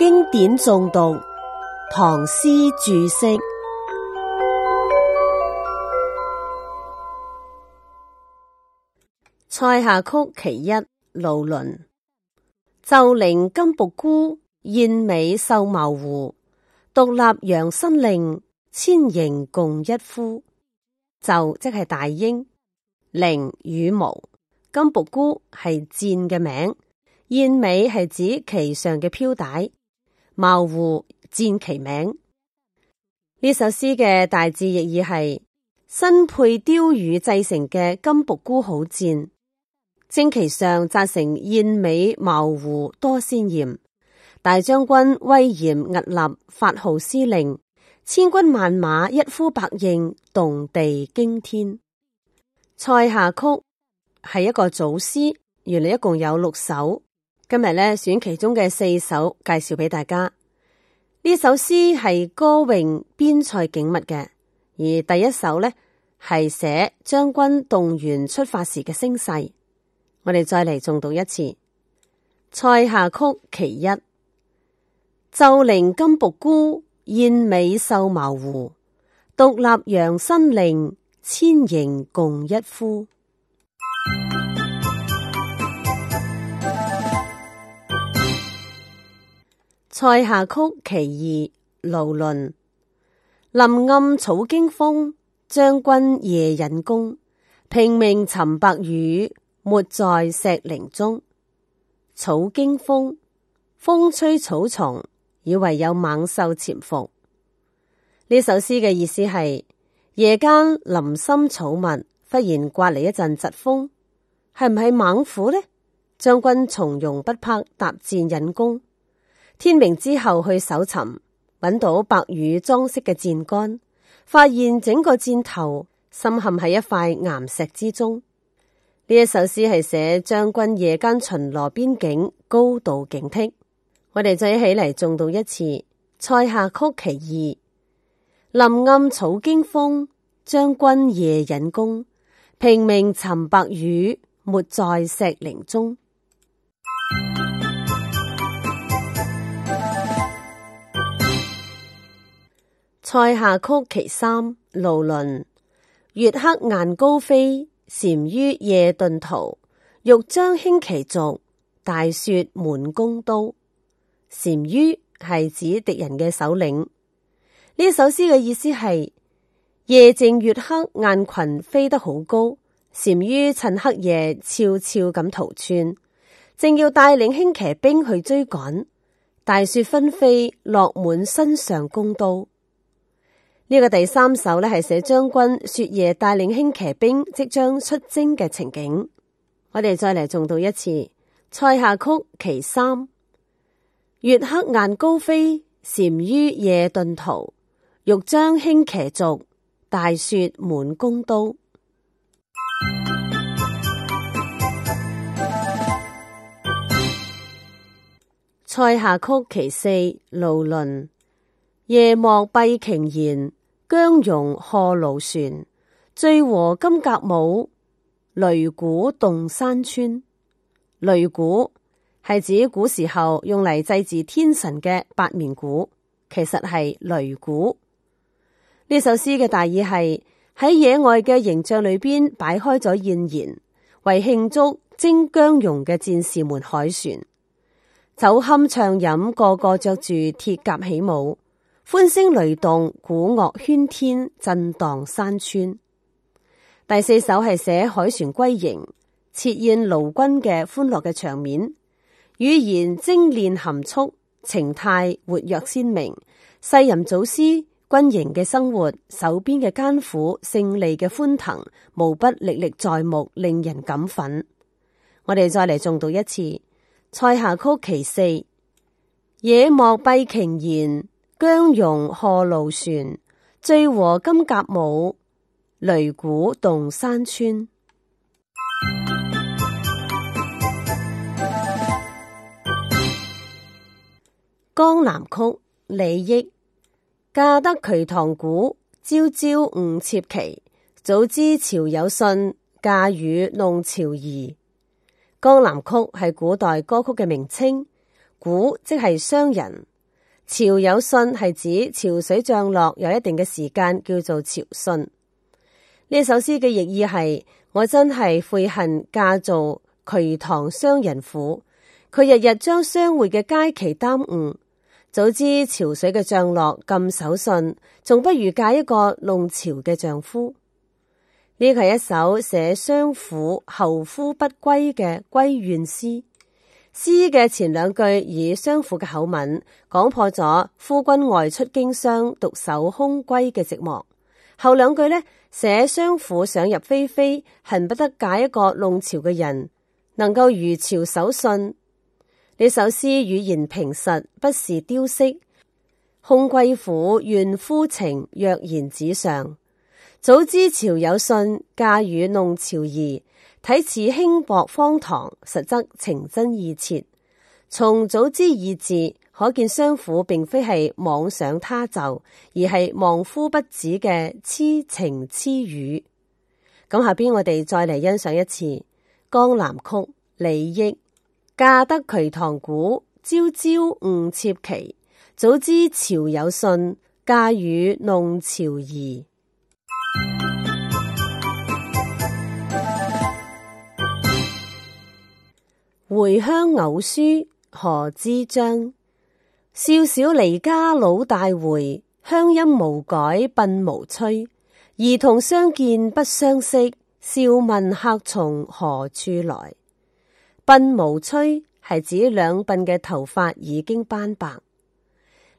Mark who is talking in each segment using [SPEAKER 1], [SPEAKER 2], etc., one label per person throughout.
[SPEAKER 1] 經典誦讀，唐詩注釋《塞下曲其一》盧綸。鷲翎金僕姑，燕尾繡蝥弧。獨立揚新令，千營共一呼。」鷲即係大鷹，翎羽毛，金僕姑係箭嘅名，燕尾係指旗上嘅飄帶。茅湖戰旗名，呢首詩嘅大致意義係：新配雕羽製成嘅金僕姑好戰，旌旗上紮成燕尾，茅湖多鮮艷。大將軍威嚴屹立，發號施令，千軍萬馬一呼百應，動地驚天。塞下曲係一個組詩，原來一共有六首。今日咧選其中嘅四首介紹俾大家。呢首詩係歌詠邊塞景物嘅，而第一首呢，係寫將軍動員出發時嘅聲勢。我哋再嚟重讀一次《塞下曲》其一：鷲翎金僕姑，燕尾繡蝥弧。獨立揚新令，千營共一呼。塞下曲其二，盧綸。林暗草驚風，將軍夜引弓。平明尋白羽，沒在石棱中。草驚風，風吹草叢，以為有猛獸潛伏。呢首詩嘅意思係，夜間林深草密，忽然刮嚟一陣疾風，係唔係猛虎呢？將軍從容不迫，搭箭引弓。天明之後去搜尋，搵到白羽裝飾嘅箭桿，發現整個箭頭深陷喺一塊岩石之中。呢首詩係寫將軍夜間巡邏邊境，高度警惕。我哋再一起嚟誦讀一次《塞下曲其二》：林暗草驚風，將軍夜引弓。平明尋白羽，沒在石稜中。塞下曲其三，盧綸。月黑雁高飛，單于夜遁逃。欲將輕騎逐，大雪滿弓刀。單于係指敵人嘅首領。呢首詩嘅意思係：夜靜月黑，雁群飛得好高；單于趁黑夜悄悄咁逃竄，正要帶領輕騎兵去追趕，大雪紛飛，落滿身上弓刀。呢個第三首呢，係寫將軍雪夜帶領輕騎兵即將出征嘅情景，我哋再嚟重讀一次《塞下曲》其三：月黑雁高飛，單于夜遁逃。欲將輕騎逐，大雪滿弓刀。《塞下曲》其四：盧綸，夜幕閉瓊筵。羌戎賀勞旋，醉和金甲舞，雷鼓動山川。雷鼓係指古時候用嚟祭祀天神嘅八面鼓，其實係擂鼓。呢首詩嘅大意係喺野外嘅營帳裏邊擺開咗宴筵，為慶祝征羌戎嘅戰士們凱旋，酒酣暢飲，個個着住鐵甲起舞。歡聲雷動，鼓樂喧天，震盪山川。第四首係寫凱旋歸營，設宴勞軍嘅歡樂嘅場面，語言精煉含蓄，情態活躍鮮明。世人祖師軍營嘅生活，守邊嘅艱苦，勝利嘅歡騰，無不歷歷在目，令人感奮。我哋再嚟重讀一次《塞下曲》其四，野莫閉瓊言。羌戎賀勞旋，醉和金甲舞，雷鼓動山川。江南曲，李益。嫁得瞿塘賈，朝朝誤妾期。早知潮有信，嫁與弄潮兒。江南曲係古代歌曲嘅名稱，賈即係商人。潮有信係指潮水漲落有一定嘅時間，叫做潮信。呢首詩嘅譯意係，我真係悔恨嫁做渠塘商人婦，佢日日將商會嘅佳期耽誤。早知潮水嘅漲落咁守信，仲不如嫁一個弄潮嘅丈夫。呢個係一首寫商婦候夫不歸嘅閨怨詩。詩嘅前兩句以相父嘅口吻講破咗夫君外出經商獨守空閨嘅寂寞，後兩句呢寫相父想入非非，恨不得嫁一個弄潮嘅人，能夠如潮守信。呢首詩語言平實，不事雕飾，空閨婦怨夫情，躍然紙上。早知潮有信，嫁與弄潮兒。睇似輕薄荒唐，實則情真意切。從早知二字，可見相府並非係妄想他就，而係望夫不止嘅痴情痴語。咁下邊我哋再嚟欣賞一次《江南曲》李益：嫁得瞿塘賈，朝朝誤妾期。早知潮有信，嫁與弄潮兒。回鄉偶書，賀知章。少小離家，老大回。鄉音無改，鬢毛衰。兒童相見不相識，笑問客從何處來。鬢毛衰係指兩鬢嘅頭髮已經斑白。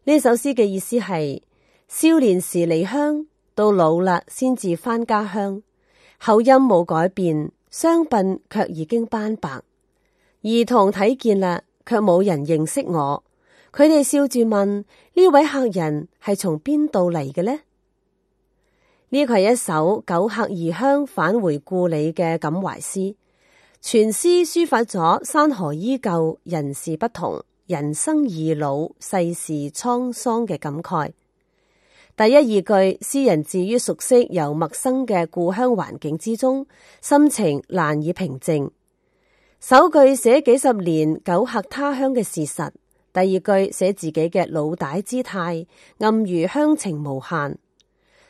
[SPEAKER 1] 呢首詩嘅意思係，少年時離鄉，到老啦先至返家鄉。口音冇改變，雙鬢卻已經斑白。兒童睇見啦，卻冇人認識我。佢哋笑住問：呢位客人係從邊度嚟嘅呢？呢個係一首久客異鄉返回故里嘅感懷詩。全詩抒發咗山河依舊、人事不同、人生易老、世事滄桑嘅感慨。第一二句，詩人置於熟悉又陌生嘅故鄉環境之中，心情難以平靜。首句寫幾十年久客他鄉嘅事實，第二句寫自己嘅老大姿態，暗喻鄉情無限。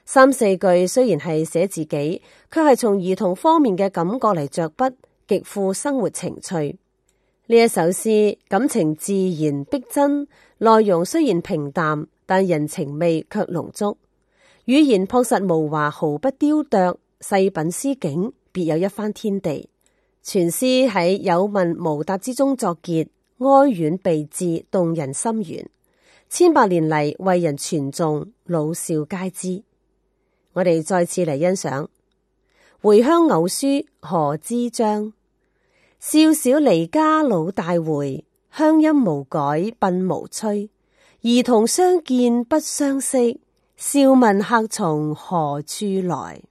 [SPEAKER 1] 三四句雖然係寫自己，卻係從兒童方面嘅感覺嚟着筆，極富生活情趣。呢一首詩感情自然逼真，內容雖然平淡，但人情味卻濃足。語言樸實無華，毫不雕琢，細品詩境，別有一番天地。全詩喺有問無答之中作結，哀怨備至，動人心弦。千百年嚟為人傳頌，老少皆知。我哋再次嚟欣賞《回鄉偶書》賀知章：少小離家老大回，鄉音無改鬢毛衰。兒童相見不相識，笑問客從何處來。